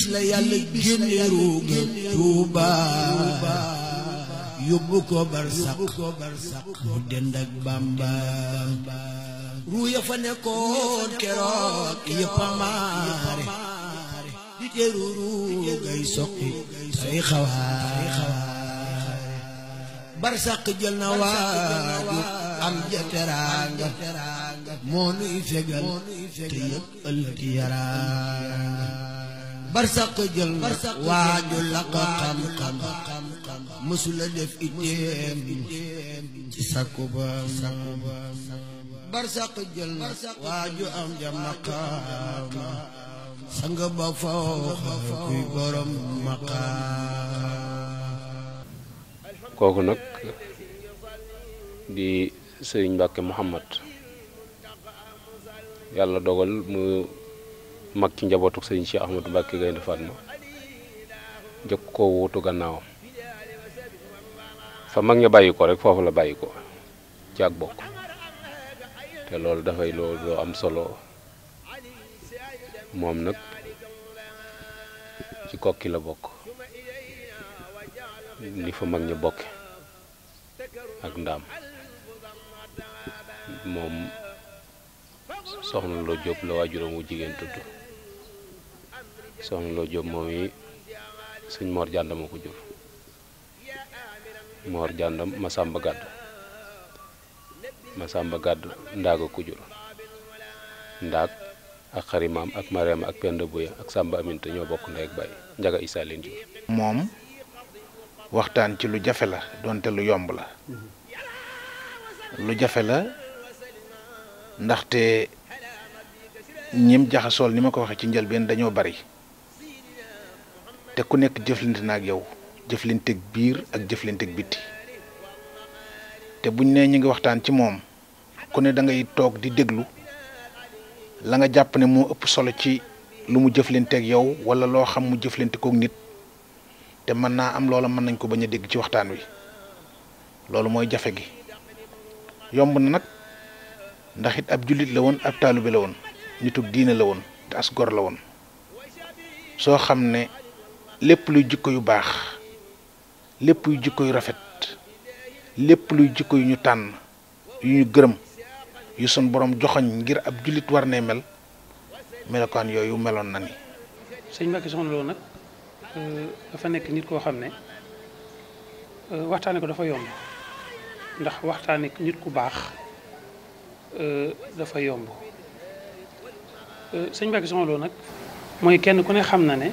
bis la yàlla génne ruuga tuuba yóbbu ko barsak mu dend ak bamba ruuya fa nekkoon keroog yëpp ya amaare di teru ruugay soqi say xawaar barsak jël na waaju am ja teraanga moo nuy fegal te yëpp barsak jël nga waaju kam kam kam xam def itteem ci sakku ba barsak jël waju am jam makam sanga ba faw kuy borom makam di serigne Mbàkke Muhammad yalla dogal mu mak ci njabotuk serigne Cheikh Ahmadou Mbacké Gaïndé Fatma jëkk ko wuutu gannaaw fa mag ña bayiko ko rek fofu la bayiko ko ci ak bokk te loolu dafay loo loo am solo moom nak ci kokki la bokk li fa mag ña bokke ak ndam mom soxna lo job lo waajuram wu jigen tuddu soxna Lo jom moom yi Mor janda moo ko jur Mor Jànd Masamba Gàdd Masamba Gàdd ndago ko jur ndaag ak xarimaam ak Mariama ak Penda buya ak Samba Aminta ñoo bokk ndey ak baay Njaga isa leen jur moom waxtaan ci lu jafe la donte lu yomb la lu jafe la ndaxte ñim ni ko waxee ci ben dañu bari te ku nekk jëflante na ak yow ak biir ak ak biti te buñ ne ñu ngi waxtaan ci moom ku ne da ngay toog di déglu la nga jàpp ne moo ëpp solo ci lu mu ak yow wala loo xam mu jëflante koog nit te mën naa am loola mën nañ ko bañ a dégg ci waxtaan wi loolu mooy jafe gi yomb na nag ndax it ab jullit la woon ab taalibe la woon nitug diine la woon te gor la woon soo xam ne lépp luy jikko yu baax lépp yu jikko yu rafet lépp luy jikko yu ñu tànn yu ñu gërëm yu sun boroom joxoñ ngir ab jullit war ne mel melokaan yooyu meloon na ni. sëñ Mbacke soxna loolu nag euh, dafa nekk nit koo xam ne euh, waxtaane ko dafa yomb ndax waxtaane nit ku baax euh, dafa yomb sëñ Mbacke soxna loolu nag mooy kenn ku ne xam na ne.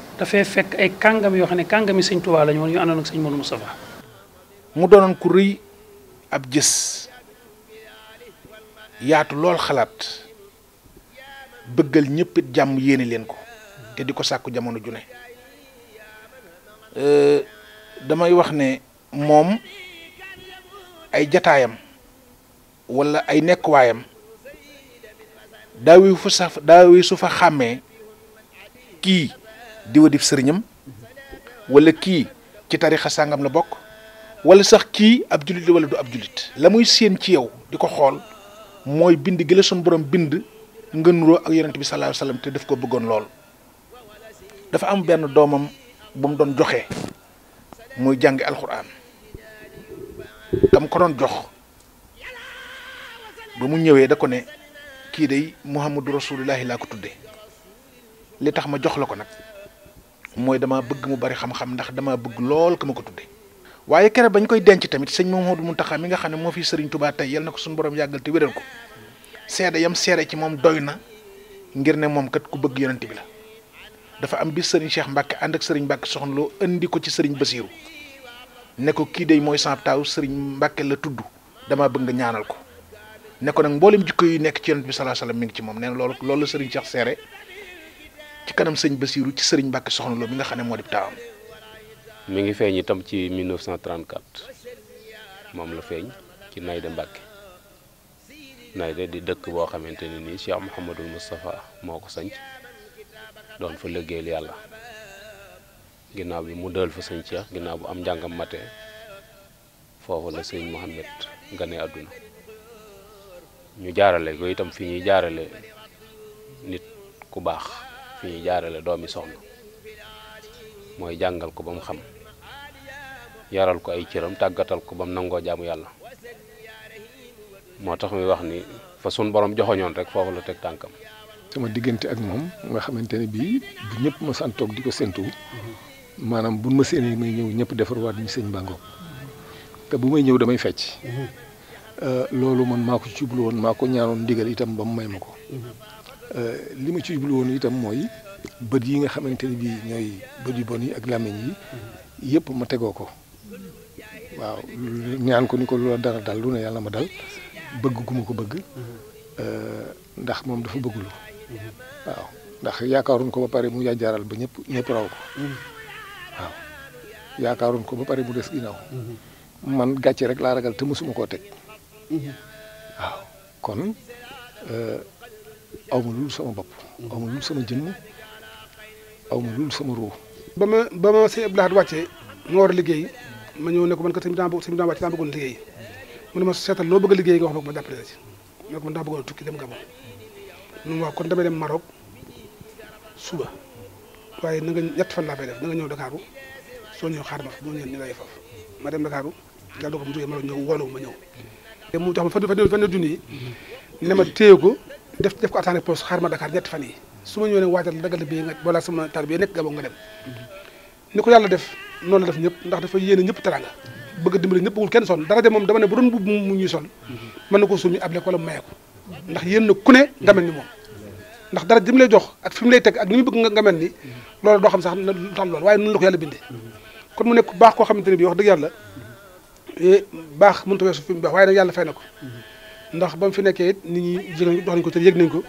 dafay fekk ay kàngam yoo xam ne kàngami sëñ Tuubaa lañu woon ñu kuri ak sëñ Modou Moustapha mu nyepit ku rëy ab jës yaatu lool xalaat bëggal ñëpp it jàmm yéene leen ko te di ko jamono ju ne damay wax ne ay ay daawi fu daawi su fa diwa dif sëriñam wala ki ci tarixa sangam la bok wala sax ki ab julit wala du ab julit lamuy seen ci yow di xol moy bind gi la sun borom bind nga nuroo ak yaronte bi sallallahu alayhi wasallam te daf ko beggon lol dafa am ben domam bu mu don joxe moy jang alquran kam ko don jox bu mu ñewé da ko ne ki day muhammadu rasulullah la ko tuddé li tax ma jox la ko moy dama bëgg mu bari xam-xam ndax dama bëgg lool kuma ma ko tuddé waye kéré bañ koy denc tamit sëñ Mamadou Muntaxa mi nga xamné mo fi sëriñ touba tay yel nako suñu borom yagal te ko yam séré ci mom doyna ngir né mom kat ku bëgg yonent bi la dafa am bi sëriñ Cheikh Mbacke and ak sëriñ Mbacke soxnalo andi ko ci sëriñ Basiiru né ko ki day moy sa taw sëriñ Mbacke la tuddu dama bëgg nga ñaanal ko né ko nak mbolim jikko yu nekk ci yonent bi alayhi wasallam mi ngi ci mom né lool lool sëriñ Cheikh séré ci kanam sëñ basirou ci sëriñ Mbacke soxna Lo mi nga xam modib moo mi ngi feñ itam ci 1934 mom la feñ ci nayde Mbacke nayde di dekk bo xamanteni ni Cheikh mohammedou mustafa moko ko don fa leggeel yalla ginaaw bi mu deul fa sëñ Cheikh ya, ginaaw bu am jangam maté fofu la seigne mohammed gane aduna ñu jaarale ko itam fi ñuy jaarale nit ku baax. fi ñuy jaarale doomi soxna mooy jàngal ko ba mu xam yaral ko ay cëram tàggatal ko ba mu nangoo jaamu yàlla moo tax muy wax ni fa sun borom joxoñoon rek foofu la teg tànkam sama diggante ak moom nga xamante ne bii bu ñëpp ma sant di ko séntu maanaam bu ma séenee may ñëw ñëpp defarwaat ñu sëñ bàngoog te bu may ñëw damay fecc mhm. euh, loolu man maa ko ci jublu woon maa ko ñaanoon ndigal itam ba mu may ma ko mhm. Euh, li ma ci jublu woon itam mooy bët yi nga xamante ni bii ñooy bët yu bon yi ak làmmiñ yi yëpp ma tegoo ko waaw ñaan ko ni ko loola dara dal lu ne yàlla ma dal bëgg gu ma ko bëgg euh, ndax moom dafa bëggulu waaw ndax yaakaaroon ko ba pare mu yàjjaaral ba ñëpp ñëpp raw ko ko ba pare mu des ginnaaw man gàcce rek laa ragal te mësuma koo teg waaw kon euh, aw lul sama bopp aw lul sama jëmm aw lul sama roo. ba ma ba ma sëñ Abdou Lahad wàccee ma war liggéey ma ñëw ne ko man kat sëñ bi daa sëñ bi daa wàcce daa bëggoon liggéey mu ne ma seetal loo bëgg a liggéey nga wax ma ko ma jàppale la ci ne tukki dem Gabon mu ne wax kon damay dem Maroc suba waaye na nga ñett fan laa fay def ñëw Dakar soo ñëw xaar ma fa boo ñëwee ñu ma dem Dakar yàlla dogal mu jógee Maroc ñëw woonu ma ñëw. te mu jox ma fan ne ma téye def def ko attané poste xaar ma Dakar ñetti fan yi su ma ñëwee ne waajal dagal bii nga wala sama nekk Gabon nga dem mm-hmm. ni ko yàlla def noonu la def ñëpp ndax dafa yéene ñëpp teranga bëgg a dimbali ñëpp bugul kenn sonn dara de moom dama ne bu doon bubb mu ñuy sol mm-hmm. mën na ko sumi ablek wala mu maye ko ndax yéen na ku ne nga mel ni moom mm-hmm. ndax dara jëm lay jox ak fi mu lay teg ak ni mu bëgg nga mel ni loolu doo xam sax lu tax loolu waaye noonu la ko yàlla bindee kon mu nekk baax koo xamante ne bii wax dëgg yàlla eh, baax mënut a weesu mu baax waaye nag yàlla fay na ko ndax bam fi nekké it nit ñi jël dox nañ ko té yegg nañ ko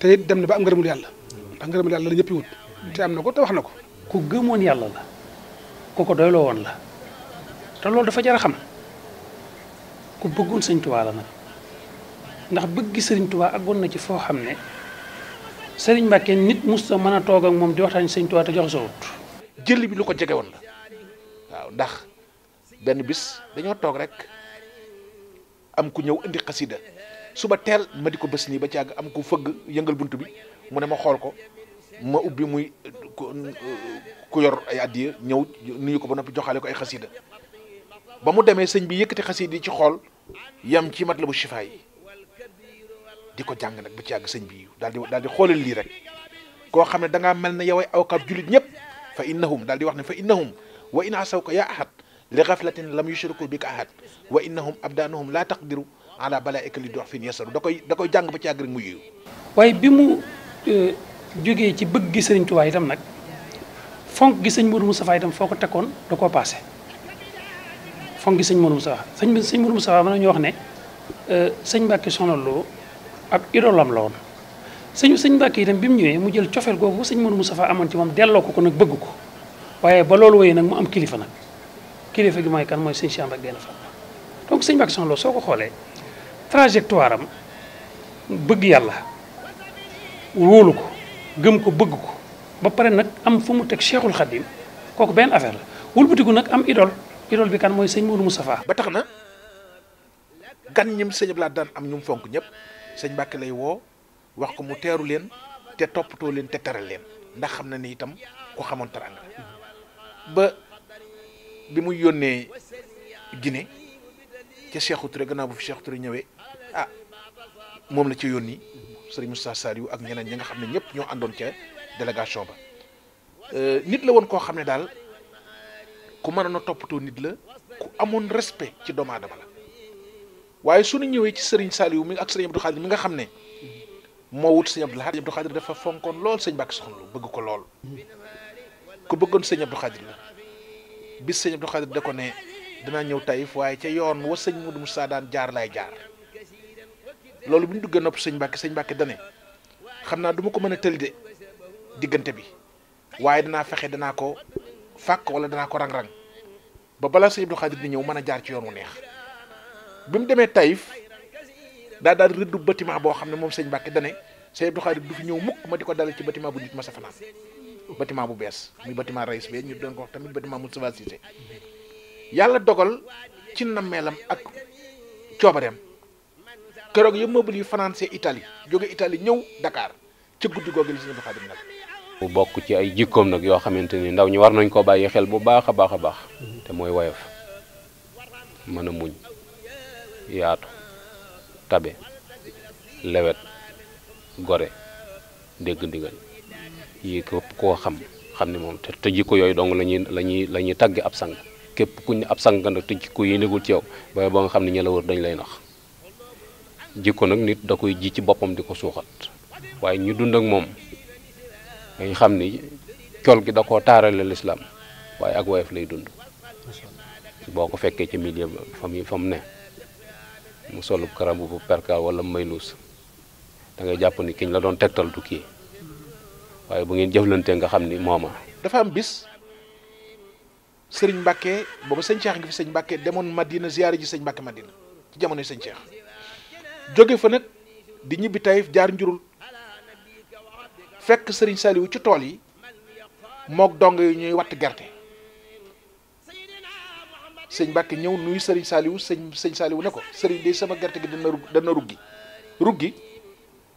té it dem na ba am ngërëmul yalla ndax ngërëmul yalla la ñëpp wut té am nako té wax nako ku gëmoon yalla la ku ko doylo won la té loolu dafa jara xam ku bëggoon sëñ tuba la nak ndax bëgg sëriñ tubaa aggoon na ci fo xamné ne mbacké nit musta mëna a toog ak mom di waxtaan sëñ tuba té jox so wut jël bi lu ko jege won la waaw ndax ben bis dañoo tok rek am ku ñew indi xasida suba tel, ma diko bes ni ba ci ag am ku feug yeengal buntu bi mu ne ma xol ko ma ubbi muy ku yor ay adiya ñew nuyu ko ba nopi joxale ko ay qasida ba mu deme señ bi yëkkati xasida ci xol yam ci mat shifa yi di ko nak ba ci ag señ bi daldi daldi xolal li rek ko xamne da nga mel yow julit ñep fa innahum daldi wax ne fa innahum wa in asawka ya ahad li xaflatin lam yushriku bika ahad wa innahum abdanuhum la taqdiru ala balaika li dox fin yasaru dakoy koy da ba ci àgg rek mu yiw bi mu euh, joge ci beug gi serigne touba itam nak fonk gi sëñ Modou Moustapha itam foko ko dako da passé fonk gi serigne mourou Moustapha serigne serigne mourou Moustapha man ñu wax ne euh, sëñ Mbàkke Lo ab idolam la woon sëñ ba Mbàkke itam bi mu mu jël cofeel googu sëñ Modou Moustapha amoon ci moom delloo ko ko nag ko waaye ba mu am kilifa fana, kilifa gi mooy kan mooy sëñ Cheikh Mbacké Gaïndé Fatma donc sëñ Mbacké Soxna soo ko xoolee trajectoire am bëgg yàlla wóolu ko gëm ko bëgg ko ba pare nag am fu mu teg Cheikhul Khadim kooku benn affaire la wëlbatiku nag am idole idole bi kan mooy sëñ mu Moustapha ba tax na gan ñim sëñ laa Lahad daan am ñu fonk ñëpp sëñ Mbacké lay woo wax ko mu teeru leen te toppatoo leen te teral leen ndax xam na ni itam ku xamoon teraanga ba bi muy yónnee Guinée ca Cheikhou Touré gannaaw bu fi Cheikhou ñëwee ah moom la ci yónni sëriñ Moussa Saliou ak ñeneen ñi nga xam ne ñëpp ñoo àndoon ca délégation ba euh, nit la woon koo xam ne daal ku mënoon a toppatoo nit la ku amoon respect ci doomu aadama la waaye su ñu ñëwee ci sëriñ Saliou mi ak sëriñ Abdou Khadir mi nga xam ne moo wut sëriñ Abdou Khadir Abdou dafa fonkoon lool sëñ Mbàkke Soxna Lo bëgg ko lool ku bëggoon sëñ Abdou Khadir la. bis sëñ Abdou Khadir da ko ne dinaa ñëw Taïf waaye ca yoon wa sëñ Modou saa daan jaar laay jaar loolu bi ñu duggee nopp sëñ Mbàkke sëñ Mbàkke dane xam naa duma ko mën a tëli de diggante bi waaye danaa fexe danaa ko fàkk wala danaa ko rang-rang ba balaa sëñ Abdou di ñëw mën a jaar ci yoon wu neex bi mu demee Taïf daa daal rëddu bâtiment boo xam ne moom sëñ Mbàkke dane sëñ Abdou Khadir du fi ñëw mukk ma di ko dale ci bâtiment bu nit ma sa fanaan bâtiment bu bees muy bâtiment Raïs be ñu doon ko wax tamit bâtiment Moustapha Cissé yàlla dogal ci nammeelam ak coobareem keroog yëpp meuble yu français Italie jóge Italie ñëw Dakar ci guddi googu la si ñëpp xaadim nag bu bokk ci ay jikkoom nag yoo xamante ni ndaw ñi war nañ koo bàyyi xel bu baax a baax a baax te mooy woyof mën a muñ yaatu tabe lewet gore dégg ndigal yi képp koo xam xam ne moom te jikko yooyu dong la ñuy la ñuy la ñuy tagg ab sang képp ku ñu ab sang nag te jikko yi négul ci yow ba nga xam ne ña la wër dañ lay nax jikko nag nit da koy ji ci boppam di ko suuxat waaye ñu dund ak moom dañ xam ni col gi da ko taarale lislaam waaye ak woyof lay dund boo ko fekkee ci milieu famille fa mu ne mu solub karabu bu perkaal wala mayluus da ngay jàpp ni kiñ la doon tegtal du kii waaye bu ngeen jëflante nga xam ni mooma dafa am bis sëriñ Mbacke booba sëñ Cheikh ngi fi sëñ Mbacke demoon Madina ziyaare ji sëñ Mbacke Madina ci jamonoy sëñ Cheikh jóge fa nag di ñibbi Taïf jaar njurul fekk sëriñ Saliou ci tool yi mook dong yi ñuy watt gerte sëñ Mbacke ñëw nuyu sëriñ Saliou sëñ sëñ Saliou ne ko sëriñ de sama gerte gi dana ruggi dana ruggi ruggi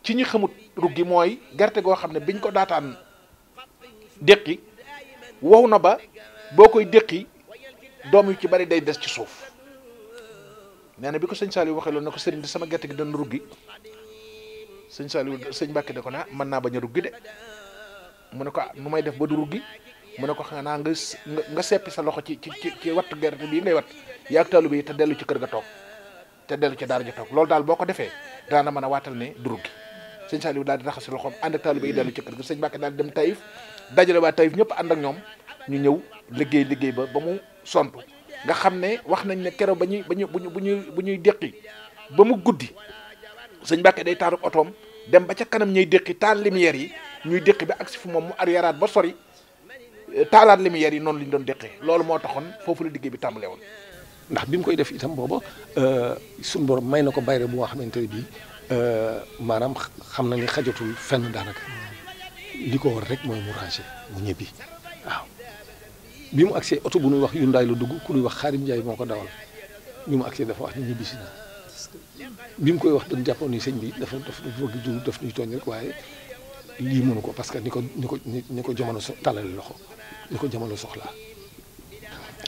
ci ñu xamut ruggi mooy gerte goo xam ne biñ ko daataan déqi wow na ba boo koy déqi doom yu ci bari day des ci suuf nee na bi ko sëñ Saliou waxee loolu ne ko sëriñ di sama gerte gi doon ruggi sëñ Saliou sëñ Mbàkke da ko naa mën naa bañ a ruggi de mu ne ko ah, nu may def ba du ruggi mu ne ko xam nga nga seppi sa loxo ci ci ci wattu gerte bii ngay watt yaag taalu bi te dellu ci kër ga toog te dellu ci daara ji toog loolu daal boo ko defee daana mën a waatal ne du ruggi sëñ Saliou daal di raxasi loxoom ànd ak taalibe yi dellu ci kër gi sëñ Mbàkke daal dem Taïf dajale baa Taïf ñëpp ànd ak ñoom ñu ñëw liggéey liggéey ba ba mu sontu nga xam ne wax nañ ne keroog ba ñuy ba ñuy bu ñuy bu ñuy déqi ba mu guddi sëñ Mbàkke day taarub otoom dem ba ca kanam ñuy déqi taal lumière yi ñuy déqi ba agsi fu moom mu arriéraat ba sori euh, taalaat lumière yi noonu lañ doon déqee loolu moo taxoon foofu la liggéey bi tàmbale woon ndax bi mu koy def itam booba euh, su borom may na ko bayre bu xamante ne bii Euh, maanaam xam na ni xajatul fenn daanaka li ko war rek mooy mu rangé mu ñëbbi waaw bi mu agsee oto bu ñuy wax Hyundai la dugg ku ñuy wax Xaarim Njaay moo ko dawal bi mu agsee dafa wax ni ñibbi bi mu koy wax dañ jàppoon ni sëñ bi dafa dafa bëgg jur daf ñuy tooñ rek waaye lii mënu ko parce que ni ko ni ko ni ko jamono so tàllale loxo ni ko jamono soxlaa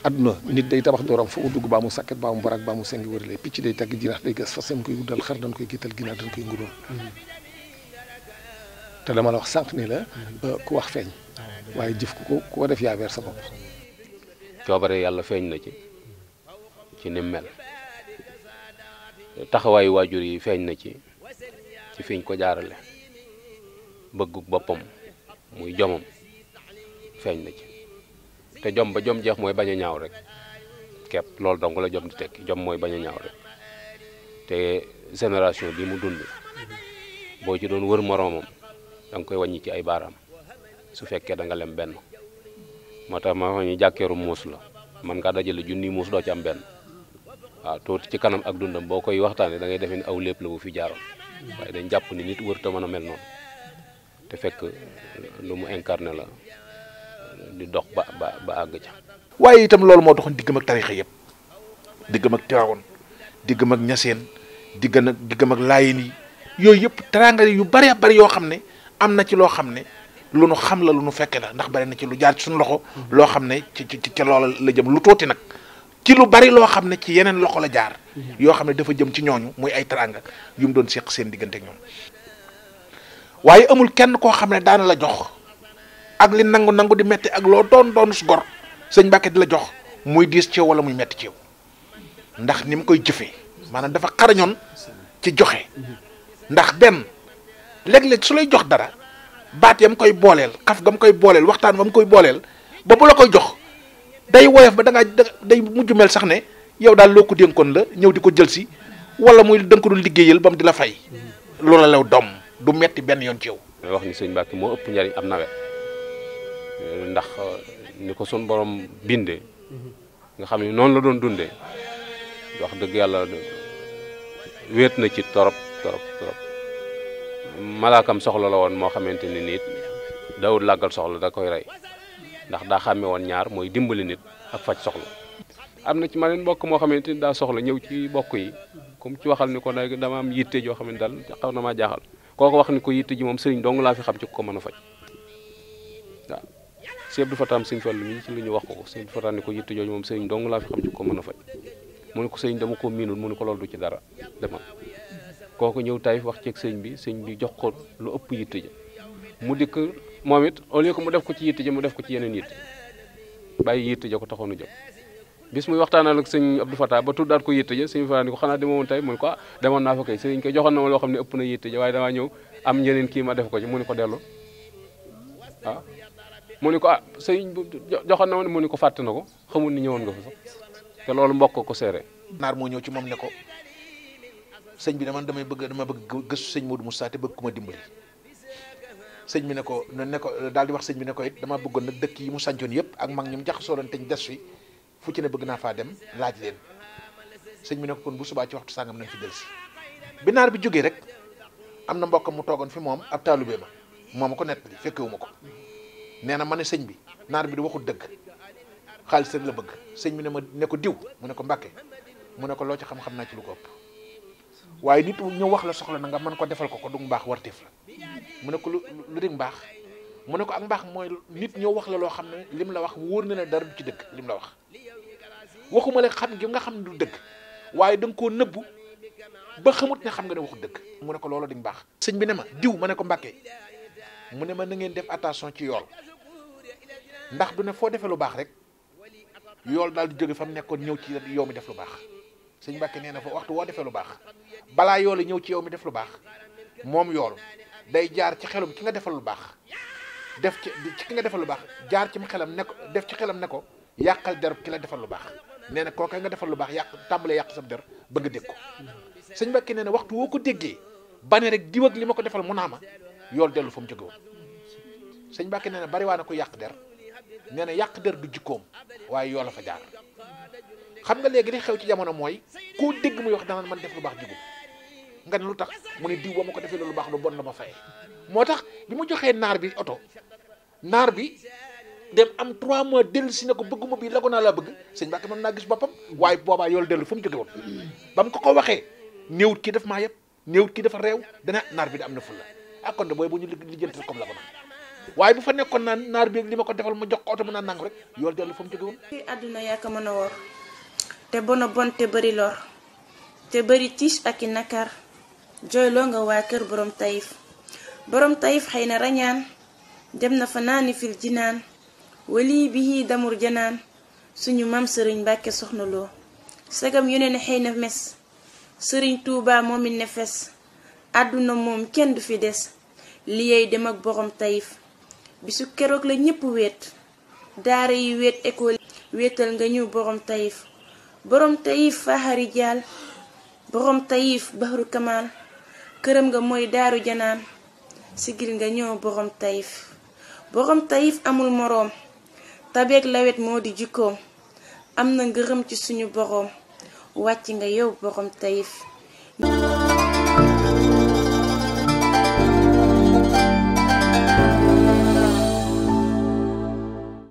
adduna nit day tabax dooram fa dugg baa mu sakket baa mu barak baa mu sengi wëralee picc day tagg jinax day gas fas yam koy wuddal xar dañ koy gittal ginaar dañ koy ngudóom te dama la wax sànq ni la mm-hmm. ku wax feeñ waaye jëf ku ko ku def yaa weer sa bopp coobare yàlla feeñ na ci ci ni taxawaayu waajur yi feeñ na ci ci fiñ ko jaarale bëggu boppam muy jomam feeñ na ci te jom ba jom jeex mooy bañ a ñaaw rek kepp loolu dong la jom di tekki jom mooy bañ a ñaaw rek te génération bi mu dund boo ci doon wër moroomam da koy wàññi ci ay baaraam su fekkee da nga lem benn moo tax ma ñu jàkkeeru muus la man ngaa dajale junni muus doo ci am benn waaw tuuti ci kanam ak dundam boo koy waxtaanee da ngay defe ni aw lépp la bu fi jaaroon waaye dañ jàpp ni nit wër te mën a mel noonu te fekk lu mu incarné la di dox ba ba ca. waaye itam loolu moo doxoon diggam ak tarixa yépp diggam ak Tiwaawoon diggam ak Ñaseen diggam ak diggam ak yooyu yëpp teraanga yu bari bari yoo xam ne am na ci loo xam ne lu nu xam la lu nu fekke la ndax bari na ci lu jaar ci suñu loxo. loo xam ne ci ci ca loola la jëm lu tuuti nag ci lu bari loo xam ne ci yeneen loxo la jaar. yoo xam ne dafa jëm ci ñooñu muy ay teraanga yu mu doon seq seen diggante ak ñoom waaye amul kenn koo xam ne daana la jox. ak li nangu nangu di metti ak loo doon doon su gor sëñ Mbàkke di la jox muy diis ci yow wala muy metti ci ndax ni mu koy jëfee maanaam dafa xarañoon ci joxe ndax benn léeg-léeg su lay jox dara baat yam koy booleel xaf ga mu koy booleel waxtaan ba mu koy booleel ba bu la koy jox day woyof ba da ngaa day mujj mel sax ne yow daal loo ko dénkoon la ñëw di ko jël si wala muy dënk liggéeyal ba mu di la fay loola law doom du metti benn yoon ci yow. wax ni sëñ Mbàkke moo ëpp njariñ am nawet. ndax ni ko sun borom binde nga xam ne noonu la doon dundee wax dëgg yàlla wéet na ci torop torop torop malaakam soxla la woon moo xamante ni nit dawul làggal soxla da koy rey ndax daa xàmme woon ñaar mooy dimbali nit ak faj soxla am na ci ma leen moo xamante ni daa soxla ñëw ci bokk yi comme ci waxal ni ko nag dama am yitte joo xam ne daal na maa jaaxal kooku wax ni ko yitte ji moom sëriñ dong laa fi xam ci ko mën a faj sëñ Abdou Fatane sëñ Fallu mi ci la ñu wax ko ko sëñ Abdou Fatane ni ko yitte jooju moom sëñ dong laa fi xam ci ko mën a faj mu ne ko sëñ dama ko miinul mu ne ko loolu du ci dara demal ñëw Taïf wax ceeg sëñ bi sëñ bi jox ko lu ëpp yitte mu dikk moom it au lieu que mu ko ci yitte ja mu def ko ci yeneen yitte bàyyi yitte ja ko taxoon a jóg bis muy waxtaanal ak sëñ Abdou Fatah ba tuddaat ko yitte ja sëñ Fatah ni ko xanaa demoon tey mu ne ko ah demoon naa fa kay sëñ ko joxoon na ma loo xam ne ëpp na yitte ja waaye damaa ñëw am ñeneen kii ma def ko ci mu ne ko dellu ah, mu ni ko ah sëñ joxoon na ma mu ni ko fàtte na ko xamul ni ñëwoon nga fa sax te loolu mbokk ko seere naar moo ñëw ci moom ne ko sëñ bi dama damay bëgg dama bëgg gëstu sëñ Modou Moussa te bëgg ku ma dimbali sëñ bi ne ko ne ko daal di wax sëñ bi ne ko it dama bëggoon nag dëkk yi mu sàncoon yëpp ak mag ñum jaxasoo doon te des fi fu ci ne bëgg naa faa dem laaj leen sëñ ne ko kon bu subaa ci waxtu sàngam nañ fi delsi bi naar bi jógee rek am na mbokk mu toogoon fi moom ab taalubee ma moom ko nettali fekkewu ma ko nee na ma ne sëñ bi naar bi di waxul dëgg xaalis rek la bëgg sëñ bi ne ma ne ko diw mu ne ko mbàkke mu ne ko loo ci xam-xam naa ci ko ëpp waaye nit ñëw wax la soxla na nga mën ko defal ko ko du mbaax wartif la mu ne ko lu lu di mbaax mu ne ko ak mbaax mooy nit ñëw wax la loo xam ne lim la wax wóor na ne dara du ci dëgg lim la wax waxuma la xam gi nga xam ne du dëgg waaye da nga koo nëbbu ba xamut ne xam nga ne waxu dëgg mu ne ko loolu di mbaax sëñ bi ne ma diw ma ne ko mbàkke mu ne ma na ngeen def attention ci yool ndax du ne foo defee lu baax rek yool daal di jóge fa mu nekkoon ñëw ci yow mi def lu baax sëñ Mbàkke nee na fa waxtu woo defee lu baax balaa yool ñëw ci yow mi def lu baax moom yool day jaar ci xelum ki nga defal lu baax def ci ci ki nga defal lu baax jaar ci xelam ne ko def ci xelam ne ko yàqal der ki la defal lu baax nee na kooka nga defal lu baax yàq tàmbalee yàq sa der bëgg dégg ko sëñ Mbàkke nee na waxtu woo ko déggee rek diw ak defal mu yool dellu fa mu jóge woon sëñ Mbàkke nee na bari waa na ko yàq der nee na yàq der du jikkoom waaye yoo la fa jaar xam nga léegi li xew ci jamono mooy koo dégg muy wax danaan man def lu baax jigu nga ne lu tax mu ne diw ma ko defee lu baax lu bon la ma fayee moo tax bi mu joxee naar bi oto naar bi dem am trois mois dellu si ne ko bëgguma bii lago naa laa bëgg sëñ Mbàkke mën naa gis boppam waaye boobaa yoolu dellu fu mu jóge woon ba mu ko ko waxee néewut kii daf maa yëpp néewut kii dafa réew dana naar bi da am na fulla akonde ah, de boy bu ñu lijeental comme la ko waaye bu fa nekkon na nar bi lima ko defal mu jox ko mu nang rek yol delu fa mu jóge ci aduna ya ka meuna wor te bono bon te bëri lor te bëri tis ak nakar nakar lo nga wa keur borom tayif borom tayif xeyna rañan dem na fa fil jinan, wali bihi damur janan suñu mam serigne mbàkke soxna lo sagam yu ne mes serigne touba momi nefes aduna mom kenn du fi dess liyeey dem ak boroom tayif bisu keroog la ñépp wet daara yi wéet école wéetal nga ñu borom tayif boroom tayif faaxari jaal borom tayif bahru kamal këram nga mooy daaru janaan sigil nga ñëw borom tayif borom tayif amul moroom tabeeg lawet moo di jikkoom am na ngërëm ci suñu borom wàcc nga yow borom tayif